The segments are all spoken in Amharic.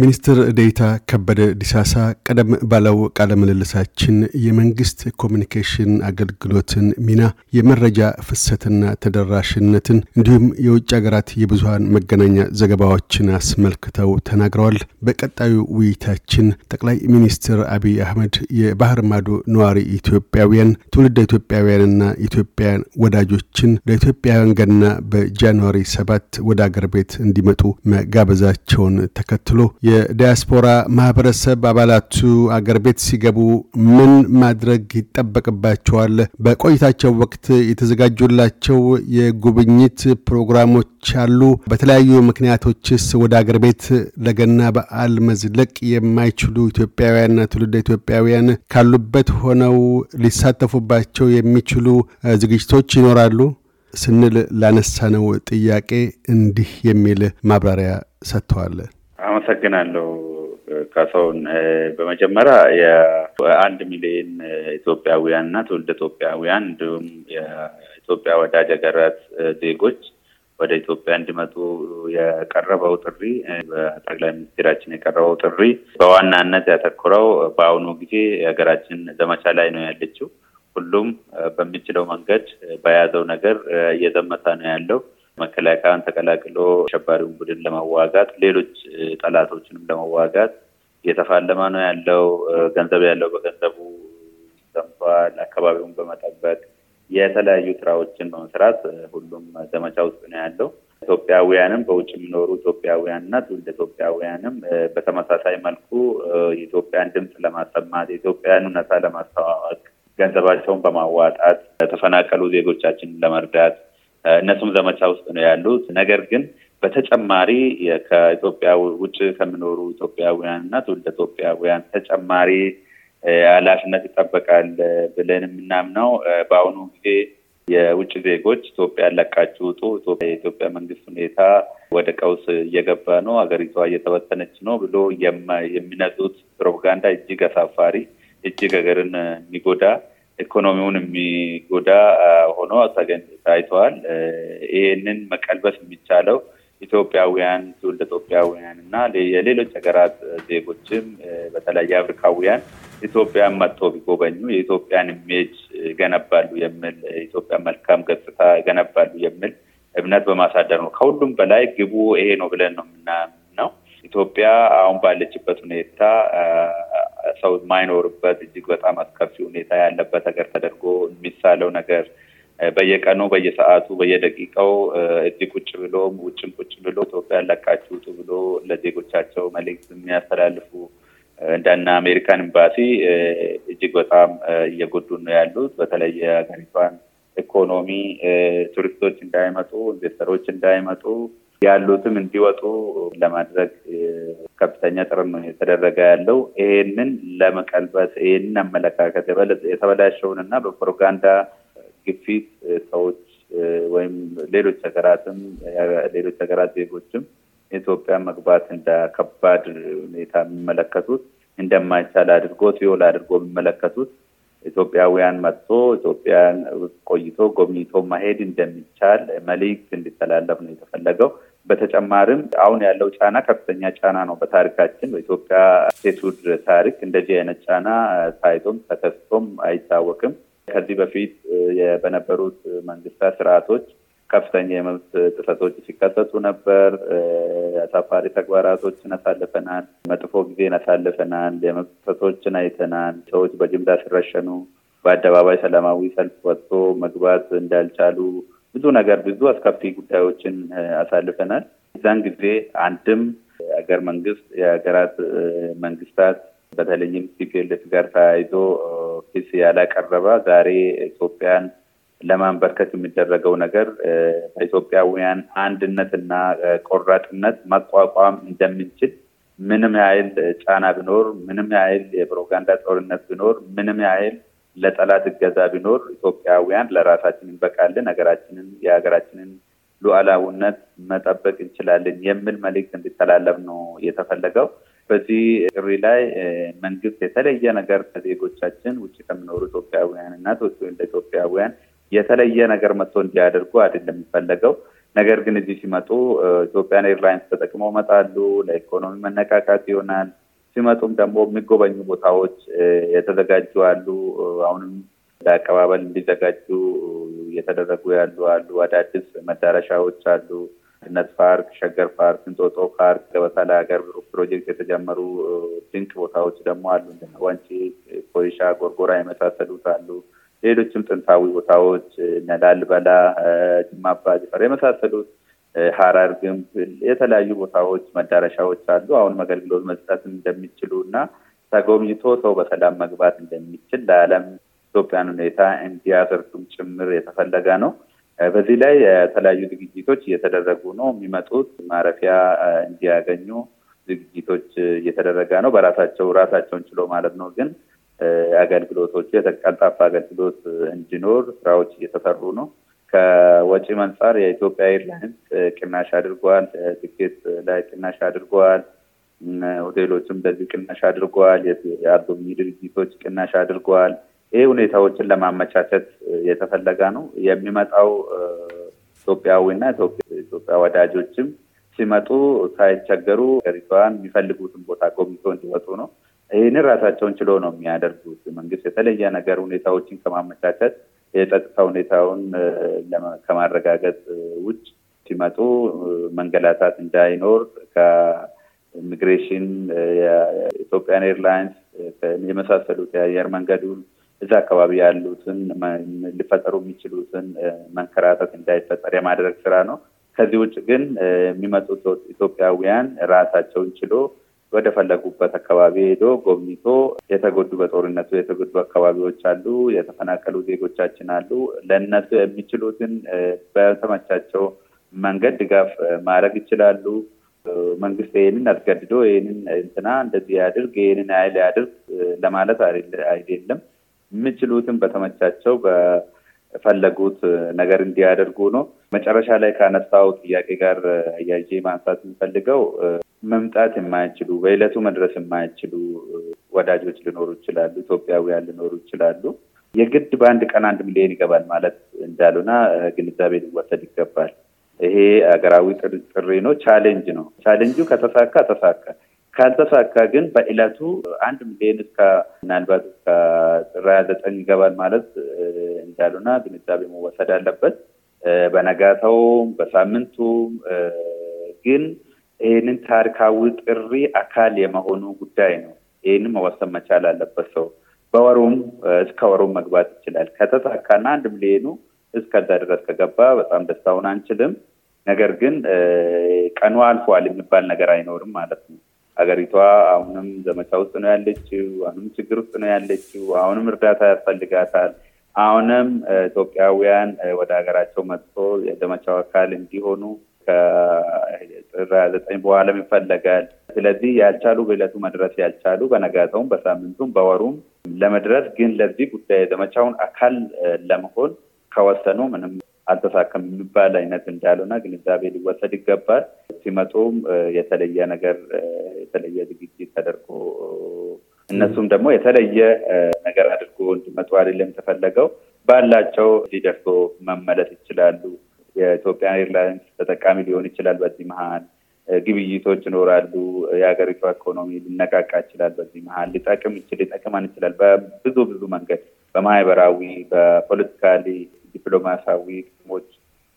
ሚኒስትር ዴታ ከበደ ዲሳሳ ቀደም ባለው ቃለ ምልልሳችን የመንግስት ኮሚኒኬሽን አገልግሎትን ሚና፣ የመረጃ ፍሰትና ተደራሽነትን እንዲሁም የውጭ ሀገራት የብዙሀን መገናኛ ዘገባዎችን አስመልክተው ተናግረዋል። በቀጣዩ ውይይታችን ጠቅላይ ሚኒስትር አብይ አህመድ የባህር ማዶ ነዋሪ ኢትዮጵያውያን፣ ትውልደ ኢትዮጵያውያንና ኢትዮጵያን ወዳጆችን ለኢትዮጵያውያን ገና በጃንዋሪ ሰባት ወደ አገር ቤት እንዲመጡ መጋበዛቸውን ተከትሎ የዲያስፖራ ማህበረሰብ አባላቱ አገር ቤት ሲገቡ ምን ማድረግ ይጠበቅባቸዋል? በቆይታቸው ወቅት የተዘጋጁላቸው የጉብኝት ፕሮግራሞች አሉ? በተለያዩ ምክንያቶችስ ወደ አገር ቤት ለገና በዓል መዝለቅ የማይችሉ ኢትዮጵያውያንና ትውልደ ኢትዮጵያውያን ካሉበት ሆነው ሊሳተፉባቸው የሚችሉ ዝግጅቶች ይኖራሉ ስንል ላነሳነው ጥያቄ እንዲህ የሚል ማብራሪያ ሰጥተዋል። አመሰግናለሁ ካሳሁን። በመጀመሪያ የአንድ ሚሊዮን ኢትዮጵያውያን እና ትውልደ ኢትዮጵያውያን እንዲሁም የኢትዮጵያ ወዳጅ ሀገራት ዜጎች ወደ ኢትዮጵያ እንዲመጡ የቀረበው ጥሪ በጠቅላይ ሚኒስትራችን የቀረበው ጥሪ በዋናነት ያተኮረው በአሁኑ ጊዜ የሀገራችን ዘመቻ ላይ ነው ያለችው። ሁሉም በሚችለው መንገድ በያዘው ነገር እየዘመተ ነው ያለው። መከላከያን ተቀላቅሎ አሸባሪውን ቡድን ለመዋጋት ሌሎች ጠላቶችንም ለመዋጋት እየተፋለመ ነው ያለው። ገንዘብ ያለው በገንዘቡ ሰምቷል። አካባቢውን በመጠበቅ የተለያዩ ስራዎችን በመስራት ሁሉም ዘመቻ ውስጥ ነው ያለው። ኢትዮጵያውያንም በውጭ የሚኖሩ ኢትዮጵያውያንና ትውልደ ኢትዮጵያውያንም በተመሳሳይ መልኩ የኢትዮጵያን ድምፅ ለማሰማት የኢትዮጵያን እውነታ ለማስተዋወቅ ገንዘባቸውን በማዋጣት የተፈናቀሉ ዜጎቻችንን ለመርዳት እነሱም ዘመቻ ውስጥ ነው ያሉት። ነገር ግን በተጨማሪ ከኢትዮጵያ ውጭ ከምኖሩ ኢትዮጵያውያን እና ትውልደ ኢትዮጵያውያን ተጨማሪ ኃላፊነት ይጠበቃል ብለን የምናምነው በአሁኑ ጊዜ የውጭ ዜጎች ኢትዮጵያ ለቃችሁ ውጡ፣ የኢትዮጵያ መንግስት ሁኔታ ወደ ቀውስ እየገባ ነው፣ ሀገሪቷ እየተበተነች ነው ብሎ የሚነጡት ፕሮፓጋንዳ እጅግ አሳፋሪ፣ እጅግ ሀገርን የሚጎዳ ኢኮኖሚውን የሚጎዳ ሆኖ ታይተዋል። ይህንን መቀልበስ የሚቻለው ኢትዮጵያውያን ትውልደ ኢትዮጵያውያን እና የሌሎች ሀገራት ዜጎችም በተለይ አፍሪካውያን ኢትዮጵያን መጥቶ ቢጎበኙ የኢትዮጵያን ኢሜጅ ይገነባሉ የሚል የኢትዮጵያ መልካም ገጽታ ይገነባሉ የሚል እምነት በማሳደር ነው። ከሁሉም በላይ ግቡ ይሄ ነው ብለን ነው የምናምነው። ኢትዮጵያ አሁን ባለችበት ሁኔታ ሰው የማይኖርበት እጅግ በጣም አስከፊ ሁኔታ ያለበት ሀገር ተደርጎ የሚሳለው ነገር በየቀኑ በየሰዓቱ በየደቂቃው እዚህ ቁጭ ብሎ ውጭም ቁጭ ብሎ ኢትዮጵያ ለቃችሁ ውጡ ብሎ ለዜጎቻቸው መልእክት የሚያስተላልፉ እንደና አሜሪካን ኤምባሲ እጅግ በጣም እየጎዱ ነው ያሉት። በተለይ ሀገሪቷን ኢኮኖሚ ቱሪስቶች እንዳይመጡ፣ ኢንቨስተሮች እንዳይመጡ ያሉትም እንዲወጡ ለማድረግ ከፍተኛ ጥረት ነው የተደረገ ያለው። ይሄንን ለመቀልበስ ይሄንን አመለካከት የተበላሸውን እና በፕሮፓጋንዳ ግፊት ሰዎች ወይም ሌሎች ሀገራትም ሌሎች ሀገራት ዜጎችም ኢትዮጵያ መግባት እንደ ከባድ ሁኔታ የሚመለከቱት እንደማይቻል አድርጎ ሲኦል አድርጎ የሚመለከቱት ኢትዮጵያውያን መጥቶ ኢትዮጵያን ቆይቶ ጎብኝቶ መሄድ እንደሚቻል መልእክት እንዲተላለፍ ነው የተፈለገው። በተጨማሪም አሁን ያለው ጫና ከፍተኛ ጫና ነው። በታሪካችን በኢትዮጵያ ሴቱድ ታሪክ እንደዚህ አይነት ጫና ታይቶም ተከስቶም አይታወቅም። ከዚህ በፊት በነበሩት መንግስታት ስርዓቶች ከፍተኛ የመብት ጥሰቶች ሲከሰቱ ነበር። አሳፋሪ ተግባራቶችን አሳልፈናል። መጥፎ ጊዜን አሳልፈናል። የመብት ጥሰቶችን አይተናል። ሰዎች በጅምላ ሲረሸኑ፣ በአደባባይ ሰላማዊ ሰልፍ ወጥቶ መግባት እንዳልቻሉ ብዙ ነገር ብዙ አስከፊ ጉዳዮችን አሳልፈናል። እዛን ጊዜ አንድም የሀገር መንግስት የሀገራት መንግስታት በተለይም ሲፒኤልኤፍ ጋር ተያይዞ ክስ ያላቀረበ ዛሬ ኢትዮጵያን ለማንበርከት የሚደረገው ነገር በኢትዮጵያውያን አንድነትና ቆራጥነት መቋቋም እንደምንችል ምንም ያህል ጫና ቢኖር፣ ምንም ያህል የፕሮፓጋንዳ ጦርነት ቢኖር፣ ምንም ያህል ለጠላት እገዛ ቢኖር ኢትዮጵያውያን ለራሳችን እንበቃለን፣ ሀገራችንን የሀገራችንን ሉዓላዊነት መጠበቅ እንችላለን የሚል መልእክት እንዲተላለፍ ነው የተፈለገው። በዚህ ጥሪ ላይ መንግስት የተለየ ነገር ከዜጎቻችን ውጭ ከሚኖሩ ኢትዮጵያውያን እና ወይም ለኢትዮጵያውያን የተለየ ነገር መጥቶ እንዲያደርጉ አይደለም የሚፈለገው። ነገር ግን እዚህ ሲመጡ ኢትዮጵያን ኤርላይንስ ተጠቅመው መጣሉ፣ ለኢኮኖሚ መነቃቃት ይሆናል። ሲመጡም ደግሞ የሚጎበኙ ቦታዎች የተዘጋጁ አሉ። አሁንም ለአቀባበል እንዲዘጋጁ እየተደረጉ ያሉ አሉ። አዳዲስ መዳረሻዎች አሉ። አንድነት ፓርክ፣ ሸገር ፓርክ፣ እንጦጦ ፓርክ፣ ገበታ ለሀገር ፕሮጀክት የተጀመሩ ድንቅ ቦታዎች ደግሞ አሉ። ዋንጪ፣ ኮይሻ፣ ጎርጎራ የመሳሰሉት አሉ። ሌሎችም ጥንታዊ ቦታዎች እነ ላሊበላ፣ ጅማ የመሳሰሉት ሀረር ግንብ የተለያዩ ቦታዎች መዳረሻዎች አሉ። አሁንም አገልግሎት መስጠት እንደሚችሉ እና ተጎብኝቶ ሰው በሰላም መግባት እንደሚችል ለዓለም ኢትዮጵያን ሁኔታ እንዲያደርጉም ጭምር የተፈለገ ነው። በዚህ ላይ የተለያዩ ዝግጅቶች እየተደረጉ ነው። የሚመጡት ማረፊያ እንዲያገኙ ዝግጅቶች እየተደረገ ነው። በራሳቸው ራሳቸውን ችሎ ማለት ነው ግን አገልግሎቶቹ ቀልጣፋ አገልግሎት እንዲኖር ስራዎች እየተሰሩ ነው። ከወጪም አንጻር የኢትዮጵያ ኤርላይንስ ቅናሽ አድርጓል። ትኬት ላይ ቅናሽ አድርጓል። ሆቴሎችም በዚህ ቅናሽ አድርጓል። የአዶሚ ድርጅቶች ቅናሽ አድርጓል። ይህ ሁኔታዎችን ለማመቻቸት የተፈለገ ነው። የሚመጣው ኢትዮጵያዊና ኢትዮጵያ ወዳጆችም ሲመጡ ሳይቸገሩ ሪቷን የሚፈልጉትን ቦታ ጎብኝቶ እንዲወጡ ነው። ይህንን ራሳቸውን ችሎ ነው የሚያደርጉት። መንግስት የተለየ ነገር ሁኔታዎችን ከማመቻቸት የጸጥታ ሁኔታውን ከማረጋገጥ ውጭ ሲመጡ መንገላታት እንዳይኖር ከኢሚግሬሽን፣ የኢትዮጵያን ኤርላይንስ የመሳሰሉት የአየር መንገዱን እዛ አካባቢ ያሉትን ሊፈጠሩ የሚችሉትን መንከራተት እንዳይፈጠር የማድረግ ስራ ነው። ከዚህ ውጭ ግን የሚመጡት ኢትዮጵያውያን ራሳቸውን ችሎ ወደ ፈለጉበት አካባቢ ሄዶ ጎብኝቶ የተጎዱ በጦርነቱ የተጎዱ አካባቢዎች አሉ፣ የተፈናቀሉ ዜጎቻችን አሉ። ለእነሱ የሚችሉትን በተመቻቸው መንገድ ድጋፍ ማድረግ ይችላሉ። መንግስት ይህንን አስገድዶ ይህንን እንትና እንደዚህ ያድርግ ይህንን ኃይል ያድርግ ለማለት አይደለም። የሚችሉትን በተመቻቸው በፈለጉት ነገር እንዲያደርጉ ነው። መጨረሻ ላይ ካነሳው ጥያቄ ጋር አያይዤ ማንሳት የምፈልገው መምጣት የማይችሉ በዕለቱ መድረስ የማይችሉ ወዳጆች ሊኖሩ ይችላሉ፣ ኢትዮጵያውያን ሊኖሩ ይችላሉ። የግድ በአንድ ቀን አንድ ሚሊዮን ይገባል ማለት እንዳሉና ግንዛቤ ሊወሰድ ይገባል። ይሄ ሀገራዊ ጥሪ ነው፣ ቻሌንጅ ነው። ቻሌንጁ ከተሳካ ተሳካ፣ ካልተሳካ ግን በዕለቱ አንድ ሚሊዮን እስከ ምናልባት እስከ ጥር ዘጠኝ ይገባል ማለት እንዳሉና ግንዛቤ መወሰድ አለበት። በነጋተው በሳምንቱ ግን ይህንን ታሪካዊ ጥሪ አካል የመሆኑ ጉዳይ ነው። ይህንን መወሰን መቻል አለበት ሰው በወሩም እስከ ወሩም መግባት ይችላል። ከተሳካና አንድ ሚሊዮኑ እስከዛ ድረስ ከገባ በጣም ደስታውን አንችልም። ነገር ግን ቀኑ አልፏል የሚባል ነገር አይኖርም ማለት ነው። ሀገሪቷ አሁንም ዘመቻ ውስጥ ነው ያለችው። አሁንም ችግር ውስጥ ነው ያለችው። አሁንም እርዳታ ያስፈልጋታል። አሁንም ኢትዮጵያውያን ወደ ሀገራቸው መጥቶ የዘመቻው አካል እንዲሆኑ ከጥር ሀያ ዘጠኝ በኋላም ይፈለጋል። ስለዚህ ያልቻሉ በዕለቱ መድረስ ያልቻሉ በነጋታውም፣ በሳምንቱም፣ በወሩም ለመድረስ ግን ለዚህ ጉዳይ የዘመቻውን አካል ለመሆን ከወሰኑ ምንም አልተሳካም የሚባል አይነት እንዳልሆነ ግንዛቤ ሊወሰድ ይገባል። ሲመጡም የተለየ ነገር የተለየ ዝግጅት ተደርጎ እነሱም ደግሞ የተለየ ነገር አድርጎ እንዲመጡ አይደለም የተፈለገው። ባላቸው ሊደርሶ መመለስ ይችላሉ። የኢትዮጵያ ኤርላይንስ ተጠቃሚ ሊሆን ይችላል። በዚህ መሀል ግብይቶች ይኖራሉ። የሀገሪቷ ኢኮኖሚ ሊነቃቃ ይችላል። በዚህ መሀል ሊጠቅም ይችል ሊጠቅመን ይችላል። በብዙ ብዙ መንገድ በማህበራዊ፣ በፖለቲካሊ፣ ዲፕሎማሲያዊ ጥቅሞች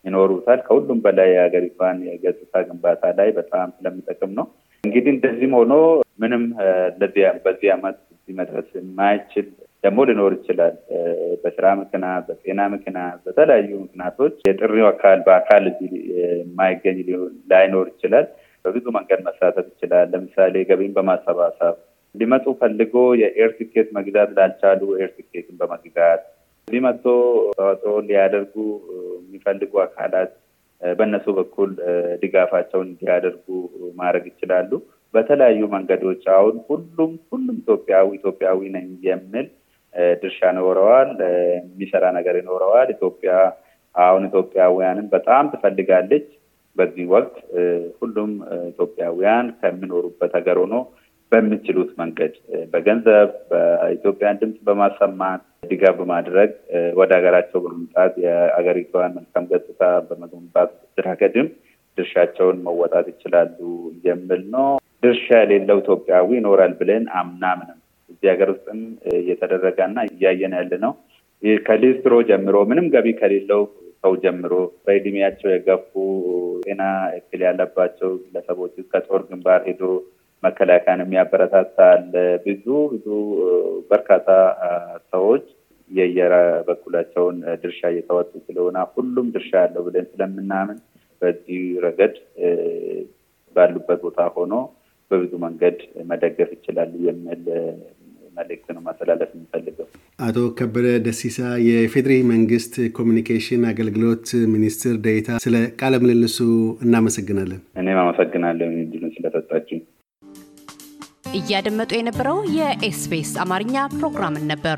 ይኖሩታል። ከሁሉም በላይ የሀገሪቷን የገጽታ ግንባታ ላይ በጣም ስለሚጠቅም ነው። እንግዲህ እንደዚህም ሆኖ ምንም በዚህ አመት እዚህ መድረስ የማይችል ደግሞ ሊኖር ይችላል። በስራ ምክንያት፣ በጤና ምክንያት፣ በተለያዩ ምክንያቶች የጥሪው አካል በአካል እዚህ የማይገኝ ላይኖር ይችላል። በብዙ መንገድ መሳተፍ ይችላል። ለምሳሌ ገቢን በማሰባሰብ ሊመጡ ፈልጎ የኤር ቲኬት መግዛት ላልቻሉ ኤር ቲኬትን በመግዛት ሊመጡ ተዋጽኦ ሊያደርጉ የሚፈልጉ አካላት በእነሱ በኩል ድጋፋቸውን እንዲያደርጉ ማድረግ ይችላሉ። በተለያዩ መንገዶች አሁን ሁሉም ሁሉም ኢትዮጵያዊ ኢትዮጵያዊ ነኝ የሚል ድርሻ ይኖረዋል፣ የሚሰራ ነገር ይኖረዋል። ኢትዮጵያ አሁን ኢትዮጵያውያንን በጣም ትፈልጋለች። በዚህ ወቅት ሁሉም ኢትዮጵያውያን ከሚኖሩበት ሀገር ሆኖ በሚችሉት መንገድ በገንዘብ በኢትዮጵያን ድምፅ በማሰማት ድጋፍ በማድረግ ወደ ሀገራቸው በመምጣት የአገሪቷን መልካም ገጽታ በመገንባት ረገድም ድርሻቸውን መወጣት ይችላሉ የሚል ነው። ድርሻ የሌለው ኢትዮጵያዊ ይኖራል ብለን አምናምንም እዚህ ሀገር ውስጥም እየተደረገና እያየን ያለ ነው። ከሊስትሮ ጀምሮ ምንም ገቢ ከሌለው ሰው ጀምሮ በእድሜያቸው የገፉ ጤና እክል ያለባቸው ግለሰቦች ከጦር ግንባር ሄዶ መከላከያን የሚያበረታታ አለ። ብዙ ብዙ በርካታ ሰዎች የየበኩላቸውን ድርሻ እየተወጡ ስለሆነ ሁሉም ድርሻ ያለው ብለን ስለምናምን በዚህ ረገድ ባሉበት ቦታ ሆኖ በብዙ መንገድ መደገፍ ይችላሉ የሚል መልእክት ነው ማስተላለፍ የሚፈልገው። አቶ ከበደ ደሲሳ የፌዴሪ መንግስት ኮሚኒኬሽን አገልግሎት ሚኒስትር ዴኤታ፣ ስለ ቃለ ምልልሱ እናመሰግናለን። እኔም አመሰግናለሁ እድሉን ስለሰጣችሁ። እያደመጡ የነበረው የኤስቢኤስ አማርኛ ፕሮግራምን ነበር።